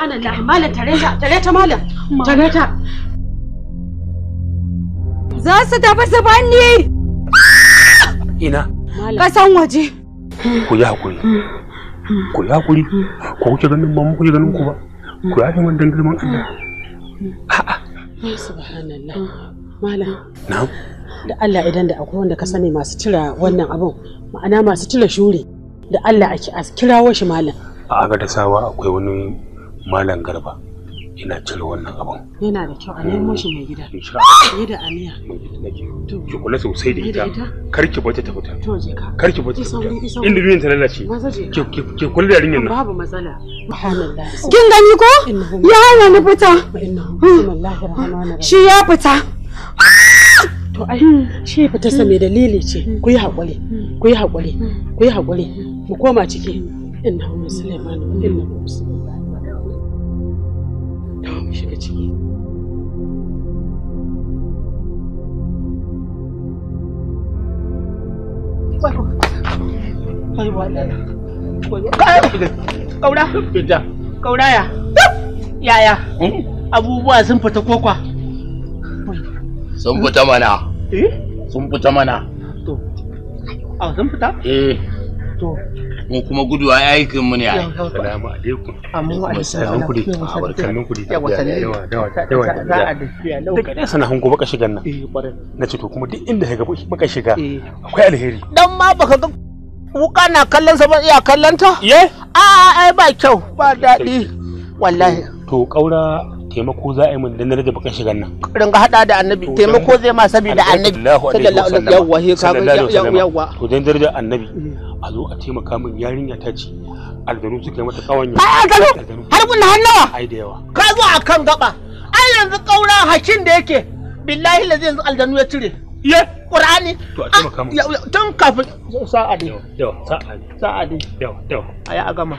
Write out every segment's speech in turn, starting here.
subhanallah malam tare ta tare ta malam tare ta za su tafi su banni ina ka san waje ku yi hakuri ku yi hakuri ko kuke ganin ba mu kuke ganin ku ba ku yafe man dangalman Allah a'a subhanallah malam na'am da Allah idan da akwai wanda ka sani masu cira wannan abun ma'ana masu cira shuri da Allah a kirawo shi malam a ga da sawa akwai wani malam garba ina cire wannan abin yana da kyau a nemo shi mai gida yi da aniya ki kula sosai da ita kar ki bata ta fita kar ki bata ta fita inda biyan ta lalace ki kula da yarinyar nan babu matsala kin gani ko ya hana ni fita hmm. shi ya fita to ai shi fita sa mai dalili ce hmm. ku yi haƙuri hmm. ku yi haƙuri ku yi haƙuri mu koma ciki inna umma sulaiman inna umma sulaiman shiga ciki Kaura? Kaura ya? Yaya? Eh? Abubuwa sun fita kokwa? Sun fita mana. Eh? Sun fita mana. To, a sun fita? Eh. Mu kuma gudu a aikin mu ne a alaikum. Amma wa alaikum yawa yawa yawa. baka shigan nan. Eh, na ce to kuma duk inda ka baka shiga eh. akwai alheri. Dan ma baka ga wuka na kallon sa ba iya kallon ta? ai ba kyau ba eh. Wallahi. To kaura taimako za a yi mun da na da bakan shigan nan ga hada da annabi taimako zai ma saboda annabi yawwa he ka yawwa to dan daraja annabi mm. a zo a taimaka min yarinya ta ce aljanu su kai mata kawanya ai aljanu har mun hannawa ai da yawa ka zo a kan gaba ai yanzu kaura hakin da yake billahi lazi yanzu aljanu ya cire ye qur'ani to a taimaka ah, min tun kafin sa'a ne sa'a ne sa'a ne yawa yawa ai a gama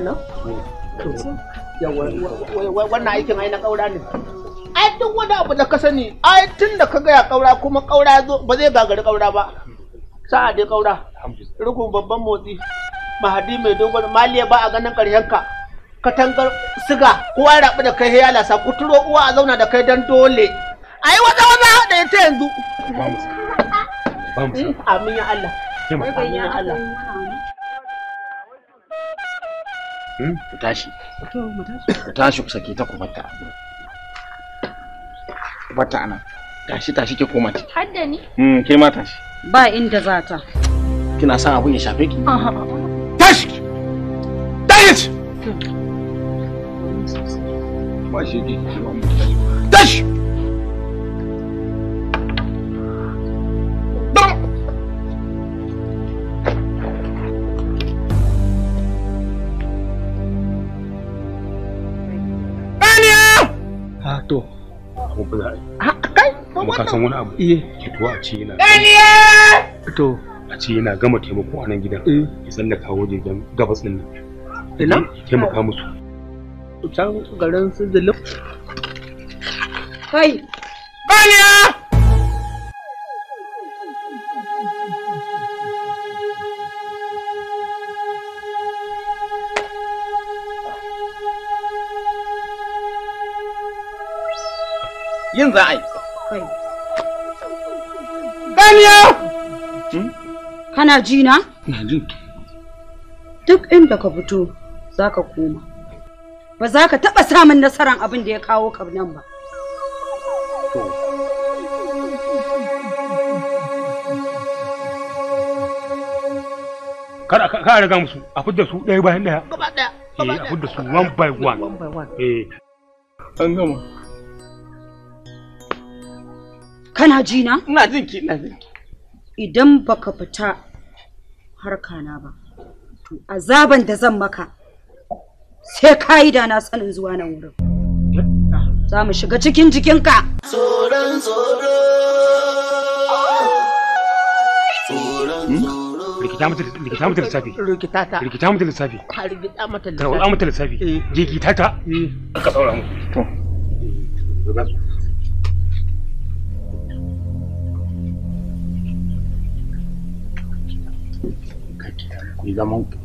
ne nan? wannan aikin ai na ƙaura ne ai wani abu da ka sani ai tun da ka gaya ƙaura kuma ƙaura ba zai gagari ƙaura ba sa'a dai ƙaura rukun babban motsi mahadi mai dogon maliya ba a ganin ƙarshen ka katangar siga kowa ya rabu da kai ya lasa kuturo uwa a zauna da kai don dole ai wata wata da ta yanzu amin ya Allah amin ya Allah Hmm? ku tashi ku tashi kusa ke ta ku bata ku bata ana tashi tashi ke koma ciki hadda ni mm ke ma tashi ba inda za ta kina san abun ya shafe ki tashi tashi ba shi tashi kuma ka san wani abu eh. ki tuwa a ce yana to a ce yana gama taimako a nan gidan eh. ya tsallaka wajen gabas din nan ina taimaka musu can garin su zulum kai baliya yin za a yi. Hmm? Kana ji na? Na jin. Duk inda ka fito za ka koma. Ba za ka taɓa samun nasarar abin da ya kawo ka nan ba. Kada riga musu a fidda su ɗaya bayan ɗaya. Gaba ɗaya. Eh a fidda su one by one. Eh. An gama. Kana ji na? Ina jin ki, ina jin ki. Idan baka fita harka na ba, to azaban da zan maka sai ka yi da na sanin zuwa nan wurin. Za mu shiga cikin jikinka. Tsoron tsoro. Hmm? Rikita mata lissafi. Rikita ta. Rikita mata lissafi. Rikita mata lissafi. rikita mata lissafi. Eh. Jigita ta. Eh. Ka saura mu. To. kuyi zaman ku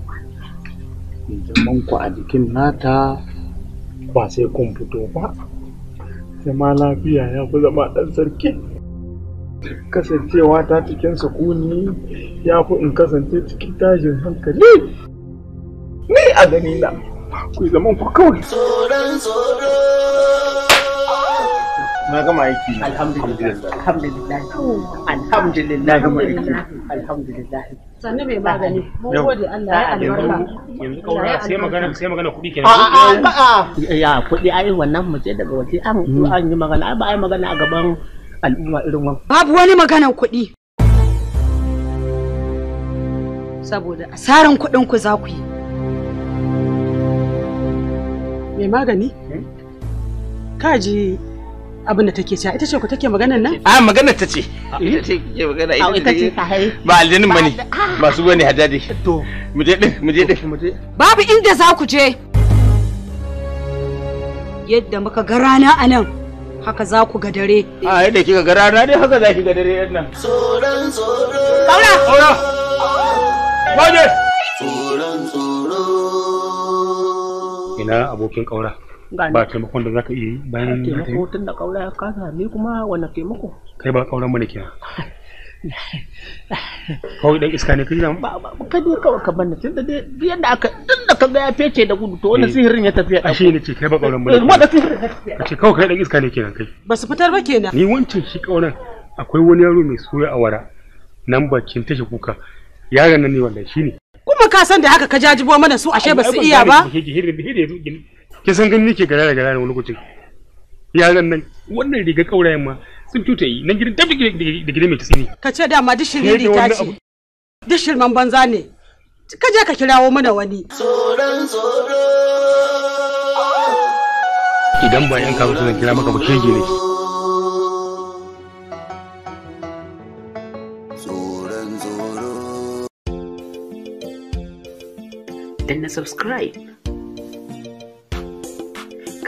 kuyi zaman ku a jikin nata ba sai kun fito ba zama lafiya ya fi zama ɗan sarki kasancewa ta cikin sukuni ya fi in kasance cikin tashin hankali ni a gani na ku yi zaman ku kawai tsoron tsoro na gama aiki alhamdulillah alhamdulillah alhamdulillah alhamdulillah sannu mai magani mun gode Allah ya albarka yanzu kaura sai magana sai magana kuɗi kenan a'a ya kuɗi ai wannan mu ce daga waje an hmm. an yi magana ai ba ai magana a gaban al'umma irin wannan babu wani maganar kuɗi saboda asaran kuɗin ku za ku yi mai magani hmm? Ka ji. abin da take cewa ita ce ku take maganar nan a ah, maganar ta ce ah, ita ce ke magana ita ah, ce ba aljanin bane ba su bane hajjaji to mu je din mu je din mu je babu inda za ku je yadda muka ga rana a nan haka za ku ga dare a yadda kika ga rana dai haka za ki ga dare yadda nan tsoron kaura kaura saura waje tsoron tsoro ina abokin kaura ba taimakon da zaka iya yi bayan taimako tun da kaura ya kasa ni kuma wani taimako kai ba kauran mu ne kawai dan iska ne kai zan ba ka dai kawai ka bani tun da dai yadda aka tun da kaga ya fece da gudu to wannan eh. sihirin ya tafiya ashe ne ce kai ba kauran bane eh, wanda sihirin ya ce kawai kai dan iska ne kenan kai ba su fitar ba kenan ni wancin shi kauran akwai wani yaro mai soya awara nan bakin tashi kuka yaron nan ne wallahi ne. kuma ka san da haka ka jajibo mana su ashe ba su iya ba ke san gani nake gara da gara wani lokacin yaran nan wannan riga kaurayen ma sun cuta yi nan gidan tafi da gidan mai tsini ka ce dama ne rita ce dishin man banza ne ka je ka kirawo mana wani tsoron tsoro idan ba yan kawo suna kira maka ba kege ne Then subscribe.